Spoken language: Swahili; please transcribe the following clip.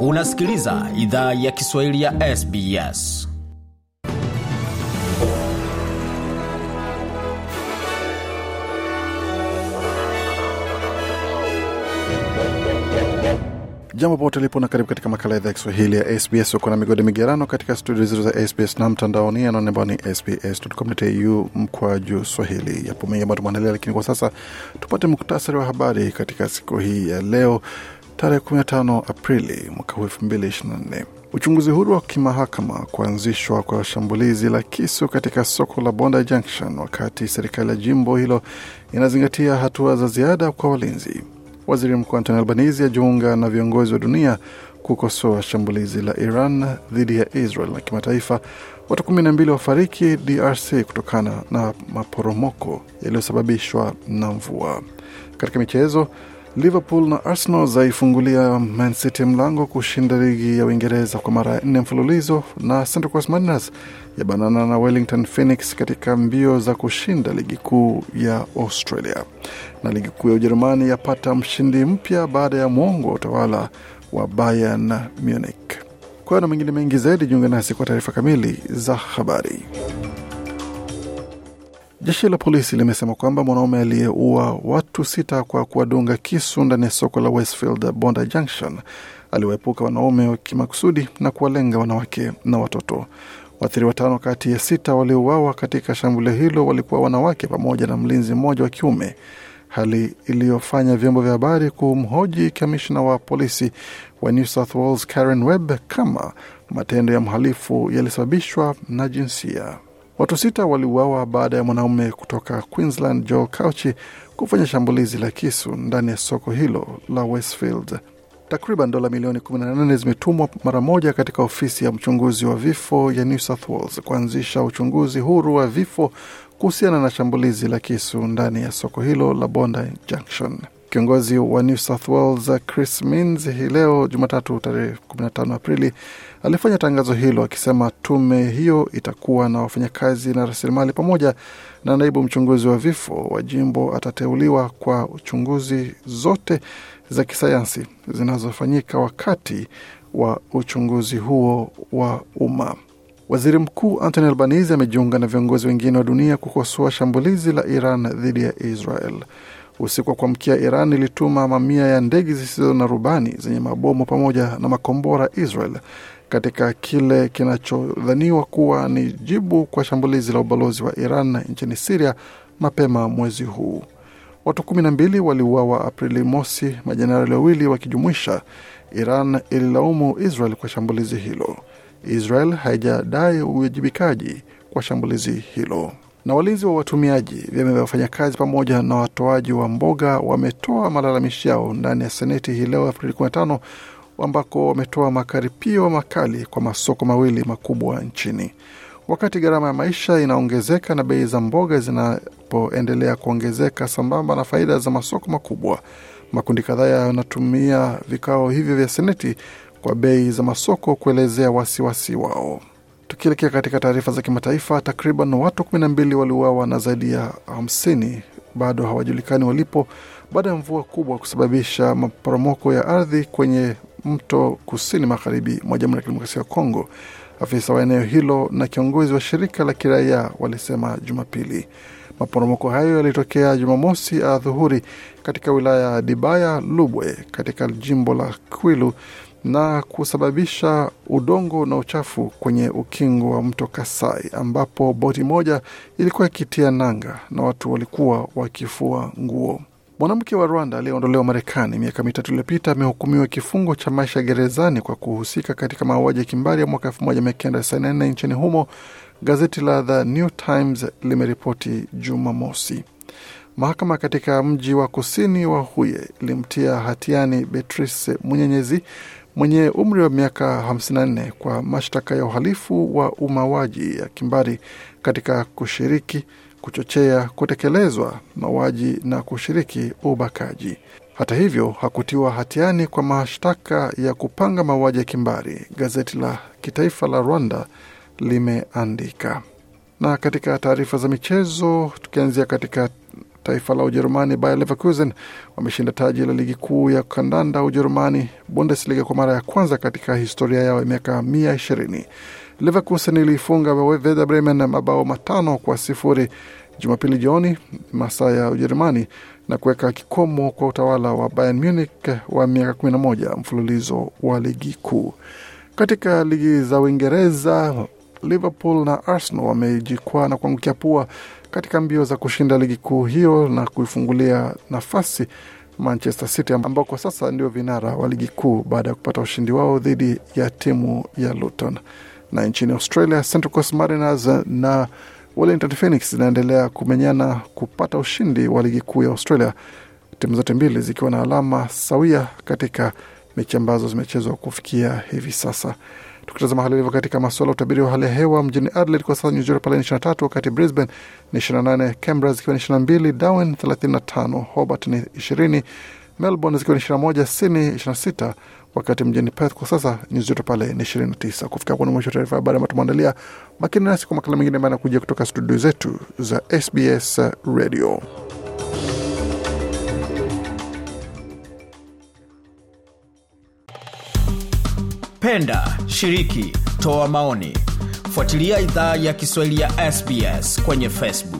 Unasikiliza idhaa ya Kiswahili ya SBS. Jambo pote lipo na karibu katika makala idhaa ya Kiswahili ya SBS. ukona na migode migerano katika studio zetu za SBS na mtandaoni, anaone ambao ni sbscu mkwa juu swahili. Yapo mengi ambayo tumeandalia, lakini kwa sasa tupate muktasari wa habari katika siku hii ya leo tarehe 15 Aprili mwaka 2024. Uchunguzi huru wa kimahakama kuanzishwa kwa shambulizi la kisu katika soko la Bondi Junction, wakati serikali ya jimbo hilo inazingatia hatua za ziada kwa walinzi. Waziri Mkuu Antoni Albanizi ajiunga na viongozi wa dunia kukosoa shambulizi la Iran dhidi ya Israel na kimataifa. Watu kumi na mbili wafariki DRC kutokana na maporomoko yaliyosababishwa na mvua. Katika michezo, Liverpool na Arsenal zaifungulia Man City mlango kushinda ligi ya Uingereza kwa mara ya nne mfululizo, na Central Coast Mariners ya banana na Wellington Phoenix katika mbio za kushinda ligi kuu ya Australia. Na ligi kuu ya Ujerumani yapata mshindi mpya baada ya mwongo wa utawala wa Bayern Munich. Kwa na mengine mengi zaidi, jiunge nasi kwa taarifa kamili za habari. Jeshi la polisi limesema kwamba mwanaume aliyeua watu sita kwa kuwadunga kisu ndani ya soko la Westfield Bondi Junction aliwaepuka wanaume kimakusudi na kuwalenga wanawake na watoto. Waathiri watano kati ya sita waliouawa katika shambulio hilo walikuwa wanawake pamoja na mlinzi mmoja wa kiume, hali iliyofanya vyombo vya habari kumhoji kamishna wa polisi wa New South Wales Karen Webb kama matendo ya mhalifu yalisababishwa na jinsia. Watu sita waliuawa baada ya mwanaume kutoka Queensland Joel Cauchi kufanya shambulizi la kisu ndani ya soko hilo la Westfield. Takriban dola milioni 18 zimetumwa mara moja katika ofisi ya mchunguzi wa vifo ya New South Wales kuanzisha uchunguzi huru wa vifo kuhusiana na shambulizi la kisu ndani ya soko hilo la Bondi Junction. Kiongozi wa New South Wales Chris Minns hii leo Jumatatu tarehe 15 Aprili alifanya tangazo hilo akisema tume hiyo itakuwa na wafanyakazi na rasilimali pamoja na naibu mchunguzi wa vifo wa jimbo atateuliwa kwa uchunguzi zote za kisayansi zinazofanyika wakati wa uchunguzi huo wa umma. Waziri Mkuu antony albanis amejiunga na viongozi wengine wa dunia kukosoa shambulizi la Iran dhidi ya Israel. Usiku wa kuamkia, Iran ilituma mamia ya ndege zisizo na rubani zenye mabomu pamoja na makombora Israel katika kile kinachodhaniwa kuwa ni jibu kwa shambulizi la ubalozi wa Iran nchini Siria mapema mwezi huu. Watu kumi na mbili waliuawa Aprili mosi, majenerali wawili wakijumuisha. Iran ililaumu Israel kwa shambulizi hilo. Israel haijadai uwajibikaji kwa shambulizi hilo. Na walinzi wa watumiaji, vyama vya wafanyakazi pamoja na watoaji wa mboga wametoa malalamishi yao ndani ya seneti hii leo Aprili ambako wametoa makaripio makali kwa masoko mawili makubwa nchini. Wakati gharama ya maisha inaongezeka na bei za mboga zinapoendelea kuongezeka sambamba na faida za masoko makubwa, makundi kadhaa yanatumia vikao hivyo vya Seneti kwa bei za masoko kuelezea wasiwasi wao. Tukielekea katika taarifa za kimataifa, takriban watu 12 waliuawa na zaidi ya 50 bado hawajulikani walipo baada ya mvua kubwa kusababisha maporomoko ya ardhi kwenye mto kusini magharibi mwa Jamhuri ya Kidemokrasia ya Kongo. Afisa wa eneo hilo na kiongozi wa shirika la kiraia walisema Jumapili maporomoko hayo yalitokea Jumamosi adhuhuri katika wilaya ya Dibaya Lubwe katika jimbo la Kwilu na kusababisha udongo na uchafu kwenye ukingo wa mto Kasai ambapo boti moja ilikuwa ikitia nanga na watu walikuwa wakifua nguo. Mwanamke wa Rwanda aliyeondolewa Marekani miaka mitatu iliyopita amehukumiwa kifungo cha maisha gerezani kwa kuhusika katika mauaji ya kimbari ya mwaka 1994 nchini humo, gazeti la The New Times limeripoti Jumamosi. Mahakama katika mji wa kusini wa Huye ilimtia hatiani Beatrice Munyenyezi mwenye umri wa miaka 54 kwa mashtaka ya uhalifu wa umawaji ya kimbari katika kushiriki kuchochea kutekelezwa mauaji na kushiriki ubakaji. Hata hivyo hakutiwa hatiani kwa mashtaka ya kupanga mauaji ya kimbari, gazeti la kitaifa la Rwanda limeandika. Na katika taarifa za michezo, tukianzia katika taifa la Ujerumani, Bayer Leverkusen wameshinda taji la ligi kuu ya kandanda Ujerumani, Bundesliga, kwa mara ya kwanza katika historia yao ya miaka mia ishirini. Leverkusen iliifunga Werder Bremen mabao matano kwa sifuri Jumapili jioni masaa ya Ujerumani na kuweka kikomo kwa utawala wa Bayern Munich wa miaka 11 mfululizo wa ligi kuu. Katika ligi za Uingereza, Liverpool na Arsenal wamejikwaa na kuangukia pua katika mbio za kushinda ligi kuu hiyo na kuifungulia nafasi Manchester City ambao kwa sasa ndio vinara wa ligi kuu baada ya kupata ushindi wao dhidi ya timu ya Luton. Na nchini Australia, Central Coast Mariners na Wellington Phoenix zinaendelea kumenyana kupata ushindi wa ligi kuu ya Australia, timu zote mbili zikiwa na alama sawia katika mechi ambazo zimechezwa kufikia hivi sasa. Tukitazama hali ilivyo katika masuala ya utabiri wa hali ya hewa mjini Adelaide kwa sasa nyuzi joto pale ni 23, wakati Brisbane ni 28, Canberra zikiwa ni 22, Darwin 35, Hobart ni 20, Melbourne zikiwa ni 21, Sydney 26 wakati mjini Perth kwa sasa nyuzi joto pale ni 29. Kufika hapo na mwisho taarifa ya habari ambayo tumeandalia. Makini nasi kwa makala mengine ambayo anakuja kutoka studio zetu za SBS Radio. Penda, shiriki, toa maoni, fuatilia idhaa ya Kiswahili ya SBS kwenye Facebook.